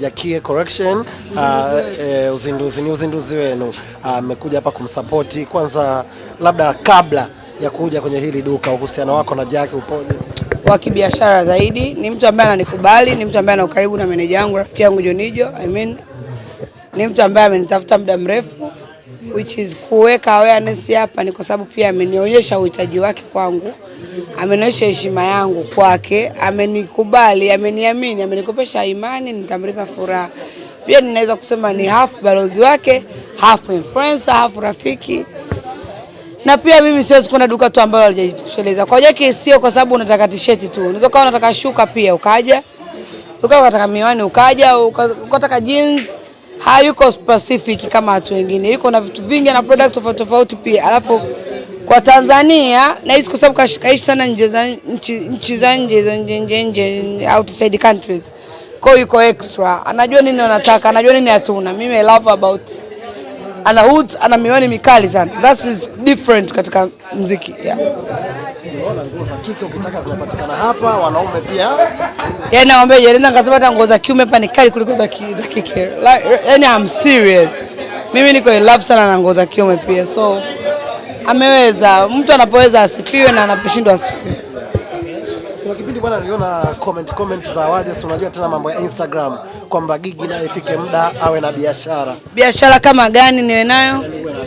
Jackie Correction uzinduzi, uh, eh, uzinduzi ni uzinduzi wenu amekuja ah, uh, hapa kumsapoti. Kwanza labda kabla ya kuja kwenye hili duka, uhusiano wako na Jackie upoje? Wa kibiashara zaidi, ni mtu ambaye ananikubali, ni mtu ambaye ana ukaribu na meneja yangu, rafiki yangu Jonijo. I mean, ni mtu ambaye amenitafuta muda mrefu, which is kuweka awareness hapa ni kwa sababu pia amenionyesha uhitaji wake kwangu amenionyesha heshima yangu kwake, amenikubali, ameniamini, amenikopesha imani, nitamlipa furaha. Pia ninaweza kusema ni half balozi wake, half influencer, half rafiki na pia mimi siwezi kuona duka tu ambalo halijajitosheleza kwa jeki. Sio kwa sababu unataka t-shirt tu, unaweza kuwa unataka shuka pia ukaja, ukawa unataka miwani ukaja, ukataka jeans. Hayuko specific kama watu wengine, yuko na vitu vingi na product tofauti tofauti pia, alafu kwa Tanzania na hizi, kwa sababu kaishi sana nje za nchi, nchi za nje za nje nje nje, outside countries, kwa yuko extra, anajua nini anataka, anajua nini hatuna. Mimi I love about ana hood, ana miwani mikali sana, that is different katika muziki yeah. Yani naomba jaribu nikasema hata nguo za kiume hapa ni kali kuliko za kike. Yani I'm serious, mimi niko in love sana na nguo za kiume pia so ameweza. Mtu anapoweza asifiwe na anaposhindwa asifiwe. Kuna kipindi bwana, niliona comment comment za Wajacks, unajua tena mambo ya Instagram kwamba Gigi naye ifike muda awe na biashara. Biashara kama gani niwe nayo?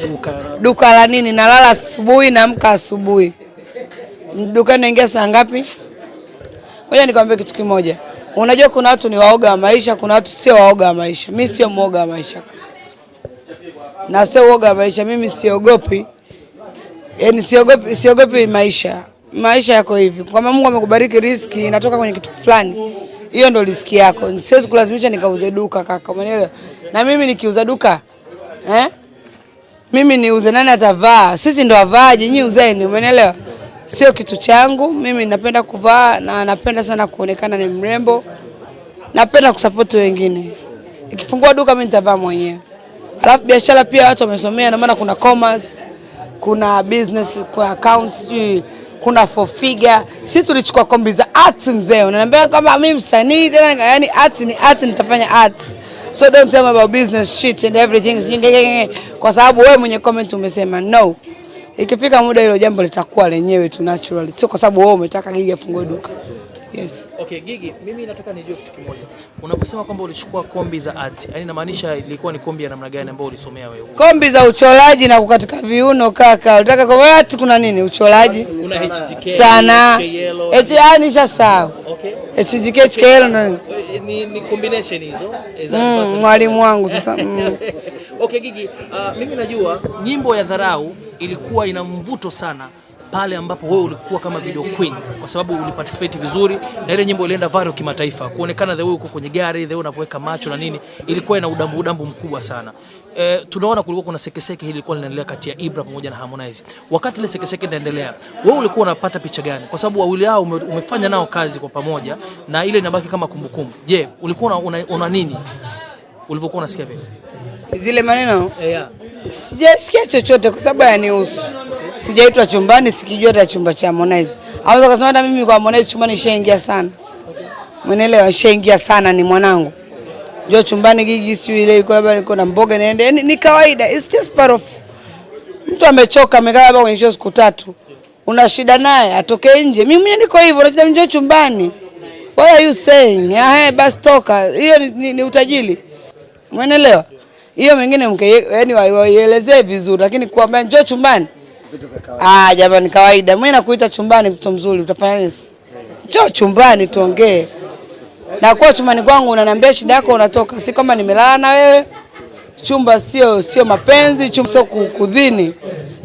Duka, duka la nini? Nalala asubuhi, naamka asubuhi, duka naingia saa ngapi? Ngoja nikwambie kitu kimoja. Unajua kuna watu ni waoga wa maisha, kuna watu sio waoga wa maisha. Mimi sio mwoga wa maisha na sio uoga wa maisha, mimi siogopi Yaani siogopi, siogopi maisha. Maisha yako hivi, kama Mungu amekubariki riziki inatoka kwenye kitu fulani, hiyo ndo riziki yako. Siwezi kulazimisha nikauze duka kaka, umeelewa? Na mimi nikiuza duka eh? mimi niuze, nani atavaa? Sisi ndo avaaji, nyinyi uzeni, umeelewa? Sio kitu changu mimi, napenda kuvaa na napenda sana kuonekana ni mrembo, napenda kusapoti wengine. Ikifungua duka mimi nitavaa mwenyewe, alafu biashara pia watu wamesomea, na maana kuna commerce kuna business kwa account, kuna for figure. Sisi tulichukua kombi za art, mzee, unaniambia kwamba mimi msanii tena, yani art ni art, nitafanya art So don't tell me about business shit and everything. Kwa sababu wewe mwenye comment umesema no. Ikifika muda hilo jambo litakuwa lenyewe tu naturally. Sio kwa sababu wewe umetaka gigi afungue duka. Yes. Okay, Gigi, mimi nataka nijue kitu kimoja. Unaposema kwamba ulichukua kombi za art, yani inamaanisha ilikuwa ni kombi ya namna gani ambayo ulisomea wewe? Kombi za uchoraji na kukatika viuno kaka. Unataka kwa art kuna nini? Uchoraji? Kuna HJK, sana. Eti yani sawa. Okay. HJK HKL ndo Ni, ni combination hizo. Eh, mm, mwalimu wangu sasa. Mm. Okay, Gigi, uh, mimi najua nyimbo ya dharau ilikuwa ina mvuto sana pale ambapo wewe ulikuwa kama video queen, kwa sababu uliparticipate vizuri na ile nyimbo ilienda viral kimataifa, kuonekana the way uko kwenye gari, the way unavyoweka macho na nini, ilikuwa ina udambu udambu mkubwa sana. E, tunaona kulikuwa kuna sekeseke hili lilikuwa linaendelea kati ya Ibra pamoja na Harmonize. Wakati ile sekeseke inaendelea, wewe ulikuwa unapata picha gani? Kwa sababu wawili hao umefanya nao kazi kwa pamoja na ile inabaki kama kumbukumbu. Je, ulikuwa una, una una nini ulivyokuwa unasikia vile zile maneno? Eh, Yeah. Sijasikia chochote kwa sababu yanihusu sijaitwa chumbani, sikijua hata chumba cha Harmonize. Aweza kusema hata mimi kwa Harmonize chumbani shaingia sana, mwenelewa, shaingia sana, ni mwanangu njoo chumbani gigi, si ile iko hapa, niko na mboga niende, yani ni kawaida, it's just part of mtu amechoka, amekaa hapa kwenye show siku tatu, una shida naye atoke nje. Mimi mwenyewe niko hivyo, unasema njoo chumbani, what are you saying? Ah, eh, basi toka. Hiyo ni, ni, ni utajiri, mwenelewa hiyo. mwingine mke yani waielezee vizuri, lakini kuambia njoo chumbani vitu vya kawaida. Ah, jamani kawaida. Mimi nakuita chumbani mtu mzuri, utafanya nini? Njoo chumbani tuongee. Na kwa chumbani kwangu unaniambia shida yako unatoka. Si kama nimelala na wewe. Chumba sio sio mapenzi, chumba sio kukudhini.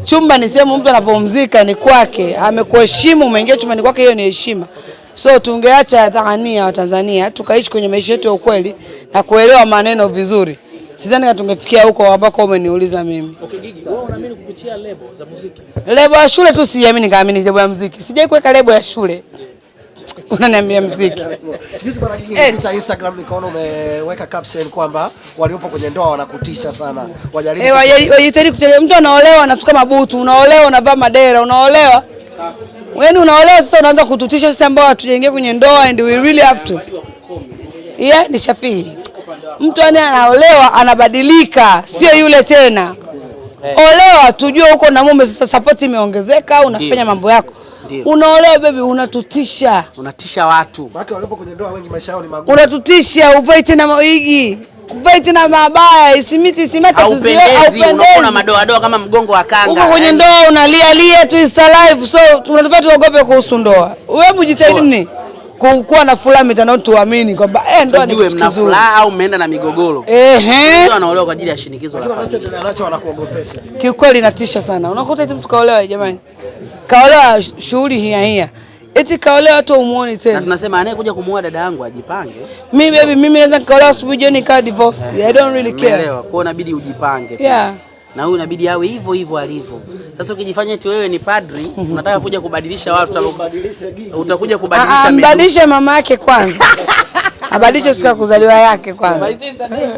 Chumba ni sehemu mtu anapumzika, ni kwake. Amekuheshimu, umeingia chumbani kwake, hiyo ni heshima. So tungeacha dhania wa Tanzania tukaishi kwenye maisha yetu ya ukweli na kuelewa maneno vizuri sidhani tungefikia huko ambako umeniuliza mimi. Okay, Gigi, wewe unaamini kupitia lebo za muziki? Lebo ya shule tu siamini, nikaamini lebo ya muziki. Sijai kuweka lebo ya shule. Unaniambia muziki. Juzi bwana Gigi nilipita Instagram nikaona umeweka caption kwamba waliopo kwenye ndoa wanakutisha sana. Wajaribu. Eh, wajitahidi kutelea mtu anaolewa anatuka mabutu, unaolewa unavaa madera, unaolewa. Wewe unaolewa sasa unaanza kututisha sisi ambao hatujaingia kwenye ndoa and we really have to. Yeah, ni Shafii mtu ane anaolewa anabadilika, sio yule tena. Eh. Olewa tujue huko na mume sasa, sapoti imeongezeka, unafanya mambo yako unaolewa bebi, unatutisha, unatisha watu, unatutisha. Uvai tena maigi, uvai tena mabaya, isimiti isimata, unakuwa na madoadoa kama mgongo wa kanga, uko kwenye ndoa unalia lia tu, is alive. So tunatufaa tuogope kuhusu ndoa? Wewe mjitahidi mni kuwa na furaha mitandaoni, tuamini kwamba eh, ndoa ni kitu kizuri au mmeenda na migogoro ehe, ndio anaolewa kwa ajili ya shinikizo la familia, anacho wanakuogopesha. Kiukweli natisha sana, unakuta eti mtu kaolewa, jamani, kaolewa shughuli hii hii Eti kaolewa watu umuone tena. Na tunasema anayekuja kumuoa dada yangu ajipange. Mimi baby, mimi naweza kaolewa asubuhi jioni ka divorce. I don't really care. Kwa hiyo inabidi ujipange. Yeah na huyu inabidi awe hivyo hivyo alivyo. Sasa ukijifanya eti wewe ni padri unataka kuja kubadilisha watu, utakuja kubadilisha, ah, ah, mama yake kwanza abadilishe siku ya kuzaliwa yake kwanza.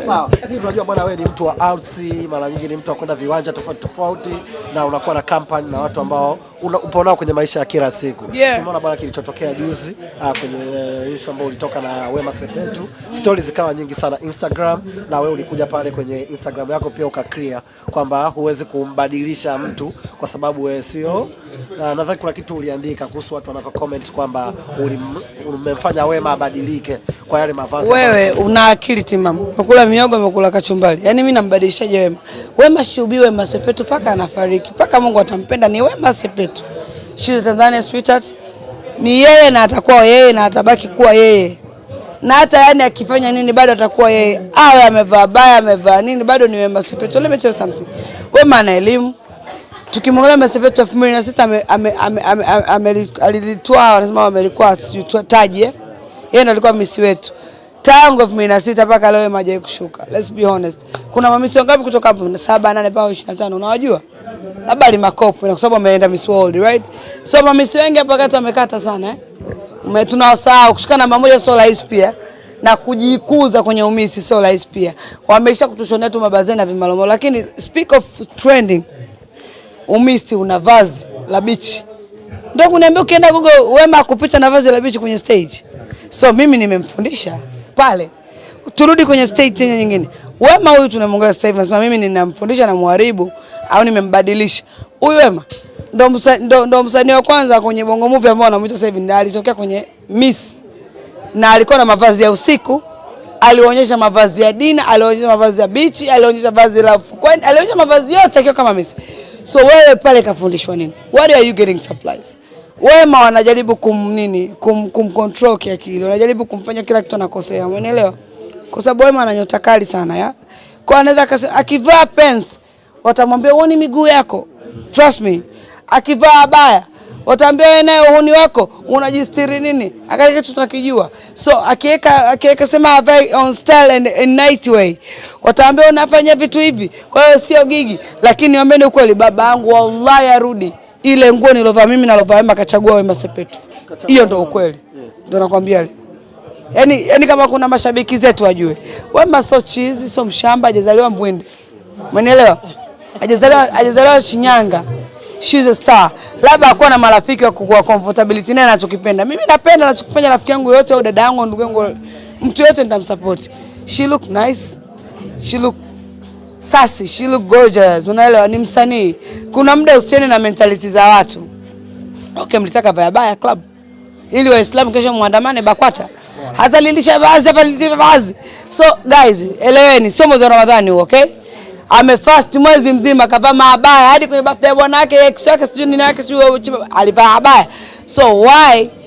Sawa, lakini tunajua bwana, wewe ni mtu wa arts, mara nyingi ni mtu wa kwenda viwanja tofauti tofauti, na unakuwa na company na watu ambao upo nao kwenye maisha ya kila siku. Tumeona bwana kilichotokea juzi ah, kwenye eh, issue ambayo ulitoka na Wema Sepetu, stories zikawa nyingi sana Instagram, na wewe ulikuja pale kwenye Instagram yako pia uka clear kwamba huwezi kumbadilisha mtu kwa sababu wewe sio na nadhani kuna kitu uliandika kuhusu watu wanavyo comment kwamba ulimfanya Wema abadilike kwa yale mavazi. Wewe una akili timamu, umekula miogo, umekula kachumbari. Yaani mimi nambadilishaje Wema? Wema shiubi, Wema Sepetu paka anafariki, paka Mungu atampenda ni Wema Sepetu. She's a Tanzania sweetheart. Ni yeye na atakuwa yeye na atabaki kuwa yeye na hata yani akifanya nini bado atakuwa yeye, awe amevaa baya amevaa nini bado ni Wema Sepetu. Let me tell you something, Wema ana elimu. Tukimwangalia Wema Sepetu elfu mbili na sita amelitwaa, anasema amelikuwa sijui taji eh yeye ndo alikuwa misi wetu tangu elfu mbili na sita mpaka leo hajai kushuka. Let's be honest, kuna mamisi wangapi kutoka hapo saba nane mpaka ishirini na tano unawajua? Labda ni makopo kwa sababu ameenda Miss World right. So mamisi wengi hapa kati wamekata sana eh? Yes. Tunawasahau, kushika namba moja sio rahisi pia na kujikuza kwenye umisi sio rahisi pia. Wameisha kutushonea tu mabazeni na vimalomo, lakini speak of trending, umisi una vazi la bichi, ndio kuniambia ukienda Google Wema kupita na vazi la bichi kwenye stage So mimi nimemfundisha pale. Turudi kwenye state nyingine. Wema huyu tunamwongea sasa hivi, nasema mimi ninamfundisha na muharibu au nimembadilisha. Huyu Wema ndo msanii ndo msanii wa kwanza kwenye Bongo Movie ambao anamuita sasa hivi, ndio alitokea kwenye Miss. Na alikuwa na mavazi ya usiku, alionyesha mavazi ya dina, alionyesha mavazi ya bichi, alionyesha vazi la kwani, alionyesha mavazi yote akiwa kama Miss. So wewe pale kafundishwa nini? What are you getting supplies? Wema wanajaribu kum nini kum, kum kumcontrol kiakili, wanajaribu kumfanya kila kitu anakosea, umeelewa? Kwa sababu Wema ana nyota kali sana ya kwa, anaweza akivaa pants watamwambia uone miguu yako, trust me. Akivaa baya watamwambia wewe naye uhuni wako unajistiri nini, akaka kitu tunakijua. So akiweka akiweka sema avae on style and, and night way, watamwambia unafanya vitu hivi, kwa hiyo sio gigi. Lakini wambeni ukweli, babangu wallahi arudi ile nguo nilovaa mimi nalovaa Wema kachagua Wema Sepetu. Hiyo ndio ukweli, ndio nakwambia. yani, yani kama kuna mashabiki zetu wajue Wema so chizi, so mshamba, hajazaliwa Mbwindi, umenielewa? Hajazaliwa, hajazaliwa Shinyanga. She's a star. Labda akuwa na marafiki wa kukua comfortability naye anachokipenda. Mimi napenda anachokifanya rafiki yangu yote au dada yangu ndugu yangu mtu yote nitamsupport. She look nice. She look sasi she look gorgeous. Unaelewa, ni msanii. Kuna muda usieni na mentality za watu. Okay, mlitaka baya baya club ili Waislamu kesho muandamane BAKWATA lilisha baadhi hapa lililisha baadhi. So guys, eleweni, sio mwezi wa Ramadhani huo, okay? Amefast mwezi mzima kavaa mabaya hadi kwenye birthday ya bwana yake, ex yake, sijui nini yake, sijui alivaa mabaya. So why